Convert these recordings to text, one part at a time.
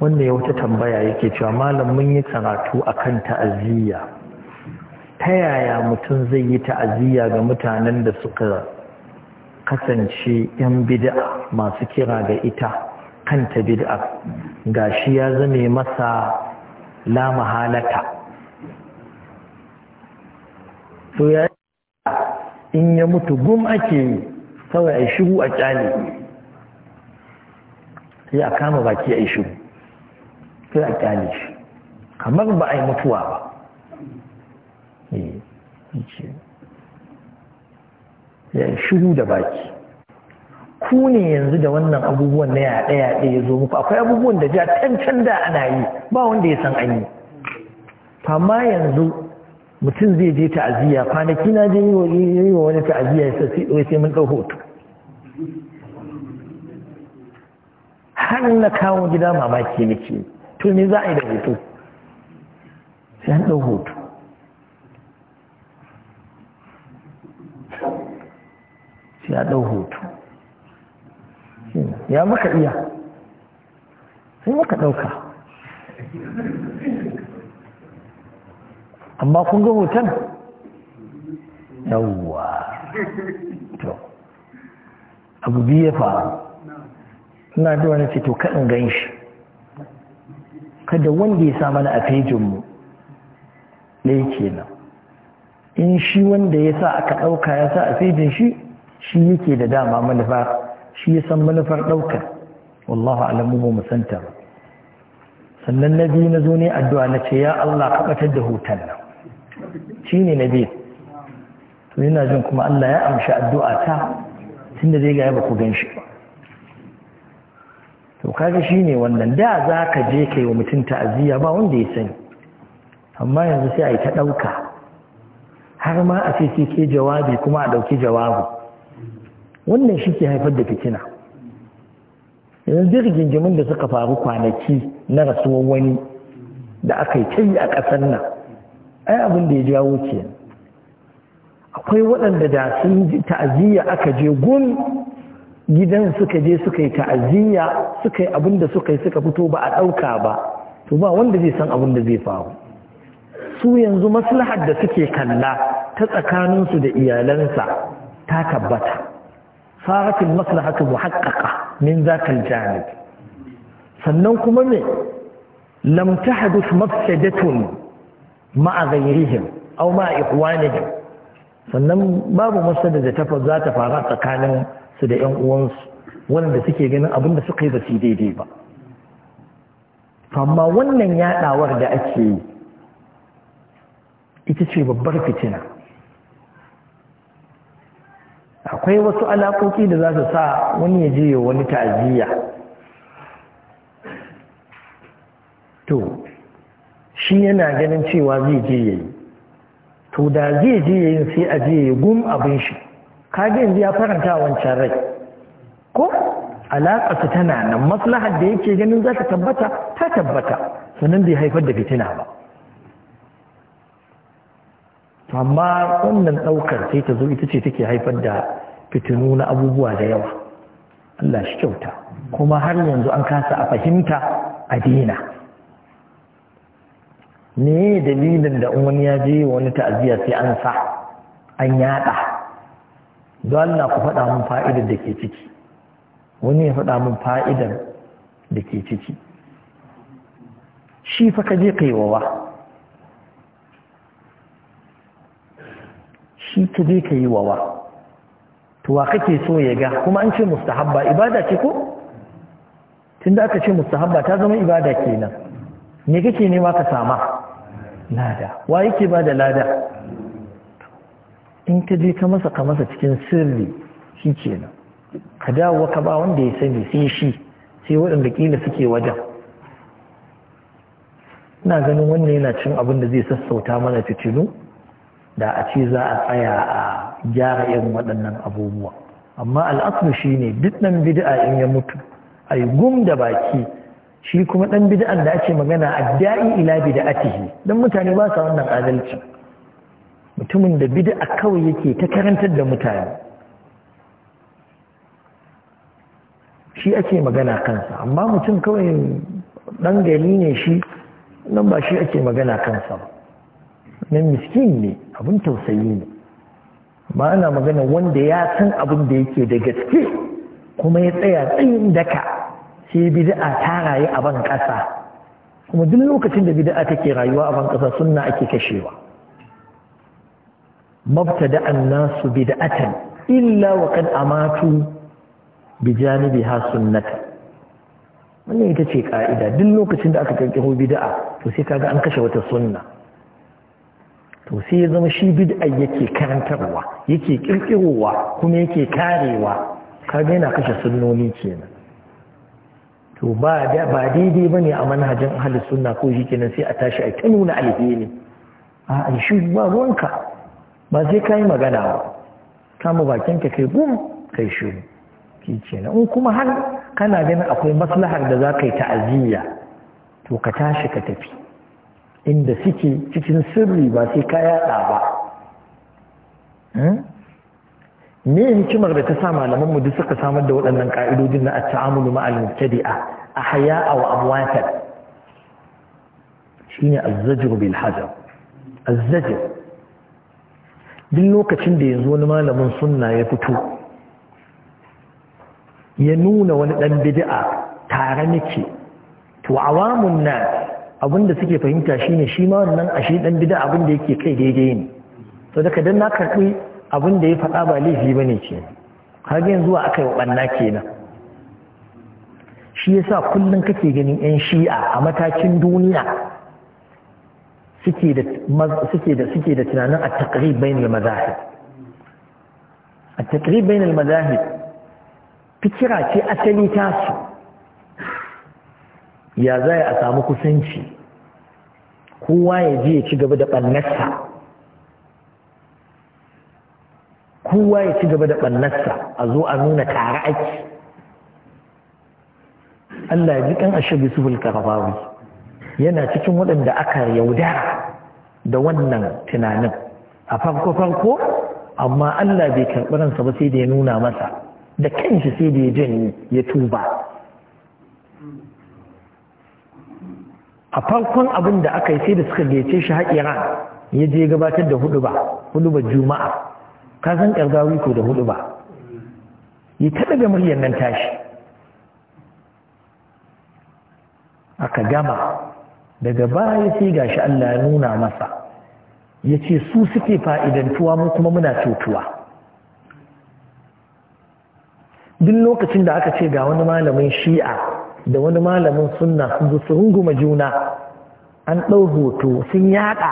wanda ya wata tambaya yake cewa malam mun yi karatu akan ta'aziyya ta yaya mutum zai yi ta'aziyya ga mutanen da suka kasance 'yan bid'a masu kira ga ita kanta bid'a gashi ya zame masa lama halata to ya in ya mutu gum ake yi kawai a shiru a kyale sai a kama baki a shiru sai a kyale shi kamar ba a yi mutuwa ba eh, ya shiru da baki ku ne yanzu da wannan abubuwan na yaɗe-yaɗe ya zo muku akwai abubuwan da ja can da ana yi ba wanda ya san an yi amma yanzu mutum zai je ta'aziyya kwanaki na je yi wa wani ta'aziyya ya sai mun ɗau hoto har na kawo gida mamaki nake to me za a yi da hoto sai an ɗau hoto sai a ɗau hoto ya maka iya sai maka ɗauka amma kun ga hoton yawwa to abu biyu ya faru ina da wani ce to kaɗin gan shi kada wanda ya sa mana a fejinmu yake nan, in shi wanda ya sa aka ɗauka ya sa a fejin shi shi yake da dama manufa shi ya san manufar ɗaukar wallahu alamu ba musanta sannan na biyu na zo ne addu'a na ce ya Allah kaɓatar da hutan nan shi ne na biyu to yana jin kuma Allah ya amshi addu'a ta tun da zai gaya ba ku gan shi ba to kaga shine wannan da za ka je ka wa mutum ta'aziyya ba wanda ya sani amma yanzu sai a yi ta ɗauka har ma a sai ke jawabi kuma a ɗauki jawabu wannan shi ke haifar da fitina yanzu rigingimin da suka faru kwanaki na rasuwan wani da aka yi ta yi a ƙasar nan ai abin da ya jawo ke akwai waɗanda da sun ta'aziyya aka je gun gidan suka je suka yi ta'aziyya suka yi abin da suka yi suka fito ba a ɗauka ba to ba wanda zai san abin da zai faru su yanzu maslahar da suke kalla ta tsakaninsu da iyalansa ta tabbata saratul maslahatu muhaqqaqa min zakal janib sannan kuma me lam hadus mafsadatun ma'a ghayrihim aw ma'a sannan babu mafsada da ta za ta faru tsakanin su da 'yan uwansu wanda suke ganin abin da suka yi ba daidai ba amma wannan yaɗawar da ake yi ita ce babbar fitina akwai wasu alaƙoƙi da za su sa wani ya jiye wani ta'aziyya to shi yana ganin cewa zai je yi, to da zai je yayin sai a je gum abin shi kage yanzu ya faranta wancan rai ko alaƙa su tana nan maslahar da yake ganin za ta tabbata ta tabbata sannan bai haifar da fitina ba amma wannan ɗaukar sai ta zo ita ce take haifar da fitinu na abubuwa da yawa Allah shi kyauta kuma har yanzu an kasa a fahimta a dina ne dalilin da wani ya je wani ta'aziyya sai an sa an yada don Allah ku faɗa min fa'idar da ke ciki wani ya faɗa min fa'idar da ke ciki shi fa ka je kaiwawa shi ka je kaiwawa tuwa kake so ya ga kuma an ce mustahabba ibada ce ko tun da aka ce mustahabba ta zama ibada kenan me kake nema ka sama lada wa yake ba da lada in ka je ka masa ka masa cikin sirri shi kenan ka dawo ka ba wanda ya sani sai shi sai waɗanda ƙila suke wajen ina ganin wannan yana cin abin da zai sassauta mana fitilu da a ce za a tsaya a gyara irin waɗannan abubuwa amma al'asu shi ne duk ɗan bid'a in ya mutu a yi gum da baki shi kuma ɗan bid'an da ake magana a da'i ila bid'atihi don mutane ba sa wannan adalci mutumin da bid'a kawai yake ta karantar da mutane shi ake magana kansa amma mutum kawai ɗan gani ne shi nan ba shi ake magana kansa ba nan miskin ne abin tausayi ne ba ana magana wanda ya san abin da yake da gaske kuma ya tsaya tsayin daka sai bid'a ta rayu a ban ƙasa kuma duk lokacin da bid'a take rayuwa a ban ƙasa sunna ake kashewa nasu bi illa wa kan amatu bi janibi ha sunnata wannan ita ce ka'ida duk lokacin da aka kirkiro bid'a to sai kaga an kashe wata sunna to sai ya zama shi bid'a yake karantarwa yake kirkirowa kuma yake karewa kaga yana kashe sunnoni kenan to ba ba daidai bane a manhajin ahlus sunna ko shi kenan sai a tashi a kanuna nuna alheri a shi ba ruwanka ba sai ka yi magana ba kama bakinka kai gum kai shiru shi ce in kuma har kana ganin akwai maslahar da za ka yi ta'aziyya to ka tashi ka tafi inda suke cikin sirri ba sai ka yaɗa ba hmm? me hikimar da ta sa malaman mu duk suka samar da waɗannan ƙa'idodin na at-ta'amulu ma'al mubtadi'a ahya'a wa amwatan shine az-zajr bil hajar az-zajr duk lokacin da yanzu wani malamin sunna ya fito ya nuna wani ɗan bid'a tare nake to awamun na abinda suke fahimta shine shi ma wannan ashe ɗan bid'a abinda yake kai daidai ne to daga dan na karɓi abinda ya faɗa ba laifi ne ke Har yanzu a aka yi ɓanna kenan shi yasa kullum kake ganin 'yan shi'a a matakin duniya suke da suke da suke da tunanin a taqrib bain al-madahib at-taqrib bain al-madahib fikira ce asali ta su ya zai a samu kusanci kowa ya je ya ci gaba da ɓannarsa kowa ya ci gaba da ɓannarsa a zo a nuna tare ake Allah ya ji kan ashabi su bulka rabawi yana cikin waɗanda aka yaudara da wannan tunanin a farko farko amma Allah bai karɓi ransa ba sai da ya nuna masa da kanshi sai da ya janye ya tuba a farkon abin da aka yi sai da suka gece shi har ran ya je gabatar da hudu ba hudu ba juma'a ka san ƙarzawi ko da hudu ba yi ta daga muryar nan tashi aka gama daga baya sai shi Allah ya nuna masa ya ce su suke fa'idantuwa mu kuma muna cutuwa duk lokacin da aka ce ga wani malamin shi'a da wani malamin sunna sun su runguma juna an ɗau hoto sun yaɗa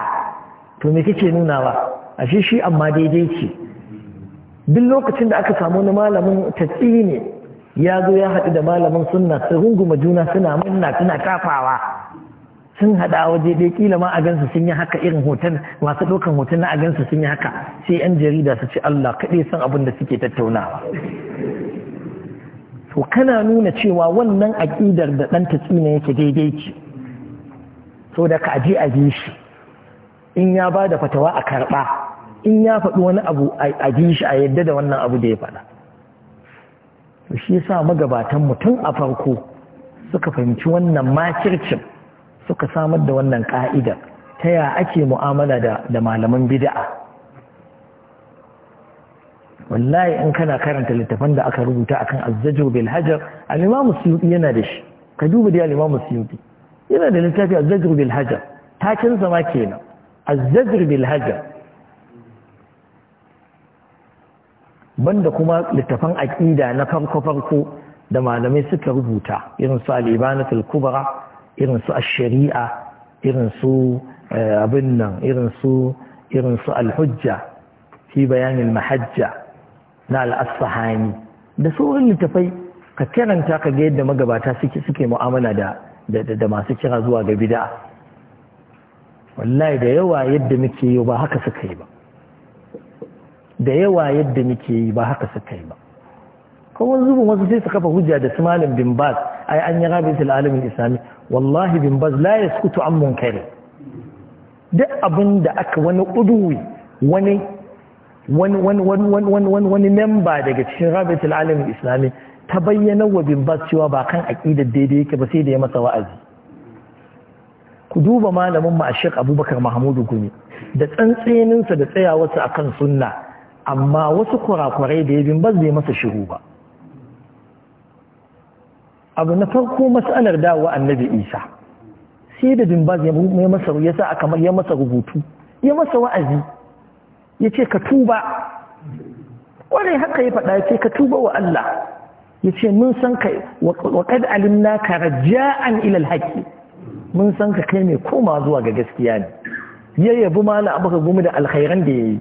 to me kake nunawa ashe shi amma daidai ce duk lokacin da aka samu wani malamin tattini ne ya zo ya haɗu da malamin sunna su runguma juna suna manna suna tafawa sun hada waje dai kila ma a gansu sun yi haka irin hoton masu ɗaukan hoton na a gansu sun yi haka sai yan jarida su ce Allah kaɗai san abin da suke tattaunawa to kana nuna cewa wannan aƙidar da ɗan tsina yake daidai ce so da ka je a bi shi in ya ba da fatawa a karɓa in ya faɗi wani abu a bi shi a yadda da wannan abu da ya faɗa to shi yasa magabatan mutum a farko suka fahimci wannan makircin suka samar da wannan ka'ida ta ya ake mu'amala da malaman bid'a wallahi in kana karanta littafan da aka rubuta akan azzajur bil hajar al-imam yana da shi ka duba da al-imam yana da littafi azzajur bil hajar takin zama kenan azzajur bil hajar banda kuma littafan aƙida na farko-farko da malamai suka rubuta irin su al'ibanatul kubra irin su ash-shari'a irin su eh, abin nan irin su irin su alhujja fi bayanin mahajja na al'asahani da sauran littafai ka karanta ka ga yadda magabata suke mu'amala da da masu kira zuwa ga bid'a wallahi da yawa yadda muke yi ba haka suka yi ba da yawa yadda muke yi ba haka suka yi ba kawai zubin wasu sai su kafa hujja da su malam bin ai an yi rabitul alamin islami wallahi bin baz la yaskutu an munkari duk abin da aka wani uduwi wani memba daga cikin rabitul alamin islami ta bayyana wa bin baz cewa ba kan aqidar daidai yake ba sai da ya masa wa'azi ku duba malamin mu a Abubakar Mahmudu Gumi da tsantseninsa da tsayawarsa akan sunna amma wasu kurakurai da ya bin baz bai masa shiru ba abu na farko matsalar dawa annabi isa sai da dimbaz ya masa ya sa aka ya masa rubutu ya masa wa'azi ya ce ka tuba kwarai haka ya faɗa ya ce ka tuba wa Allah ya ce mun san ka wa kad alimna ka raja'an ilal haƙi mun san ka kai mai koma zuwa ga gaskiya ne ya yabi mala ka gumi da alkhairan da ya yi?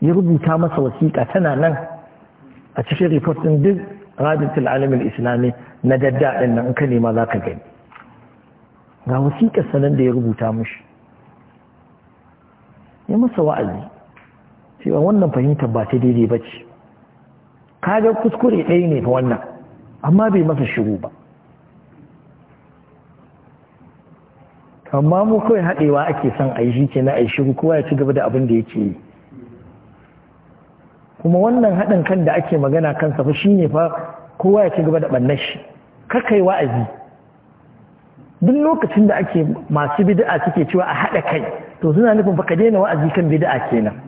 ya rubuta masa wasiƙa tana nan a cikin report din duk raditul alamin islami na daddaɗin nan in ka nema za ka gani ga wasiƙar sanar da ya rubuta mashi ya masa wa'azi cewa wannan fahimtar ba ta daidai ba ce kajar kuskure ɗaya ne fa wannan amma bai masa shiru ba amma mu kawai haɗewa ake son a yi shi ke na a yi shiru kowa ya ci gaba da abin da yake yi kuma wannan haɗin kan da ake magana kan shi shine fa kowa ya ci gaba da ɓannar shi kakai wa'azi duk lokacin da ake masu bid'a suke cewa a haɗa kai to suna nufin fa ka daina wa'azi kan bida'a kenan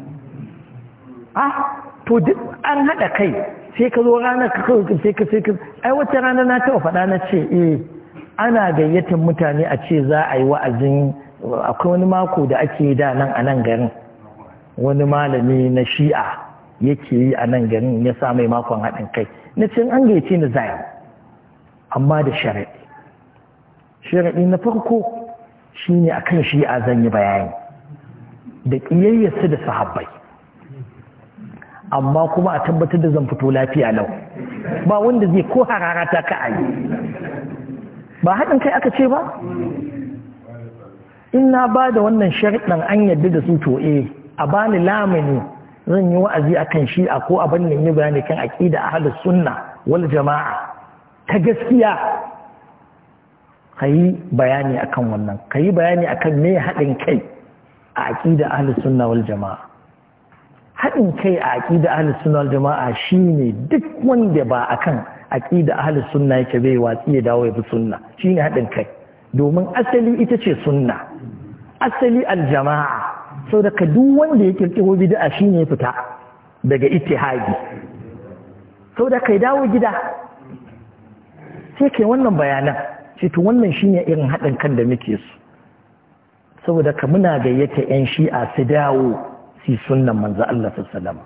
ah to duk an haɗa kai sai ka zo ranar ka kawai sai ka sai ka ai wata rana na taɓa faɗa na ce eh ana gayyatar mutane a ce za a yi wa'azin akwai wani mako da ake da nan a nan garin wani malami na shi'a yake yi a nan garin ya sa mai makon haɗin kai na cin an gaice ni zaya amma da sharaɗi sharaɗi na farko shi a akan shi a zan yi bayani da ƙiyayyarsu da sahabbai amma kuma a tabbatar da zan fito lafiya lau ba wanda zai ko harara ta ka ayi ba haɗin kai aka ce ba in na ba da wannan sharɗin an yadda da su to eh a bani lamuni zan yi wa'azi a akan shi'a ko abin da yi bayani kan aqida ahlus suna wal jama'a ta gaskiya Ka yi bayani a kan wannan ka yi bayani a kan mai haɗin kai a aqida ahlus suna wal jama'a haɗin kai a aqida ahlus suna wal jama'a shine duk wanda ba a kan akan a halin suna yake bai watsi ya dawo ya suna sunna shine haɗin kai domin asali ita ce suna asali aljama'a sau ka duk wanda ya kirkiro bid'a shi ne fita daga ittihadi sau da kai dawo gida sai kai wannan bayanan shi to wannan shi ne irin haɗin kan da muke su saboda ka muna gayyata 'yan shi'a su dawo si sunnan manzo Allah sallallahu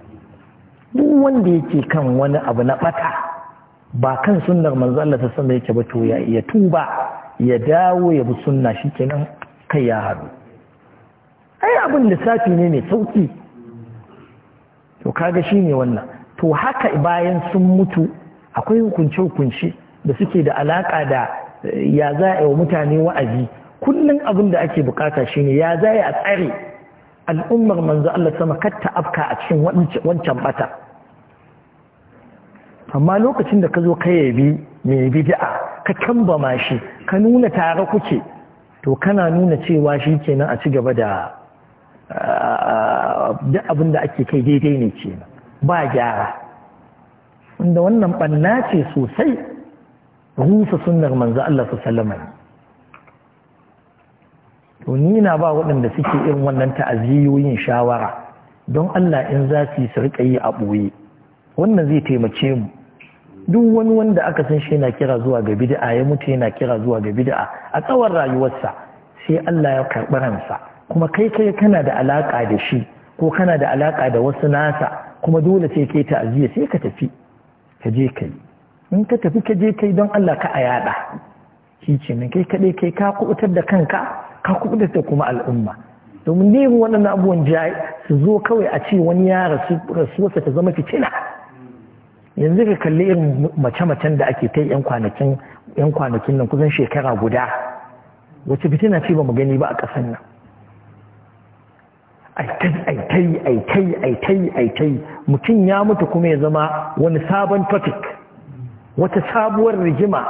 duk wanda yake kan wani abu na bata ba kan sunnar manzo Allah sallallahu yake ba to ya tuba ya dawo ya bi sunna shikenan kai ya haɗu ai abin lissafi ne mai sauki to kaga shi ne wannan to haka bayan sun mutu akwai hukunce-hukunce da suke da alaƙa da eh, ya za a yi wa mutane wa'azi kullum abin da ake bukata shine ya za a tsare al'ummar manzo Allah sama katta afka a cikin wancan bata amma lokacin da ka zo ka yabi mai bid'a ka kamba shi ka nuna tare kuke to kana nuna cewa shi kenan a ci gaba da duk abin da ake kai daidai ne ce ba gyara inda wannan banna ce sosai rusa sunnar manzo Allah su sallama to ni na ba waɗanda suke irin wannan ta'aziyoyin shawara don Allah in za su yi su riƙa yi a ɓoye wannan zai taimake mu duk wani wanda aka san shi yana kira zuwa ga bid'a ya mutu yana kira zuwa ga bid'a a tsawon rayuwarsa sai Allah ya karɓar ransa kuma kai kai kana da alaƙa da shi ko kana da alaka da wasu nasa kuma dole sai kai ta'aziyya sai ka tafi ka je kai in ka tafi ka je kai don Allah ka a yaɗa, shi ce kai kaɗai kai ka kubutar da kanka ka kubutar da kuma al'umma domin ne waɗannan abubuwan jayi su zo kawai a ce wani ya rasu rasuwarsa ta zama fitina yanzu ka kalli irin mace-macen da ake kai yan kwanakin nan kusan shekara guda wace fitina ce ba mu gani ba a kasan nan aitai aitai aitai aitai mutum ya mutu kuma ya zama wani sabon topic wata sabuwar rigima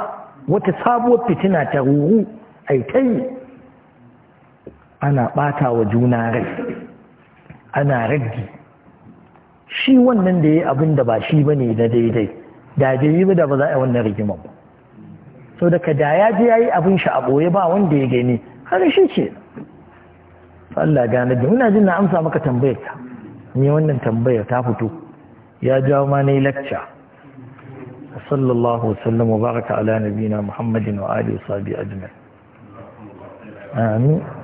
wata sabuwar fitina ta ruru aitai ana bata wa juna rai ana raggi shi wannan da ya abin da ba shi ba ne na daidai da bai yi da ba za a yi wannan rigimar ba so daga da ya ji ya yi abin shi a ɓoye ba wanda ya gani har shi ce Allah gane da muna jin na amsa maka tambayar ka ni wannan tambayar ta fito ya jawo ma ne lecture sallallahu alaihi wa baraka ala nabiyina muhammadin wa alihi wa sahbihi ajma'in amin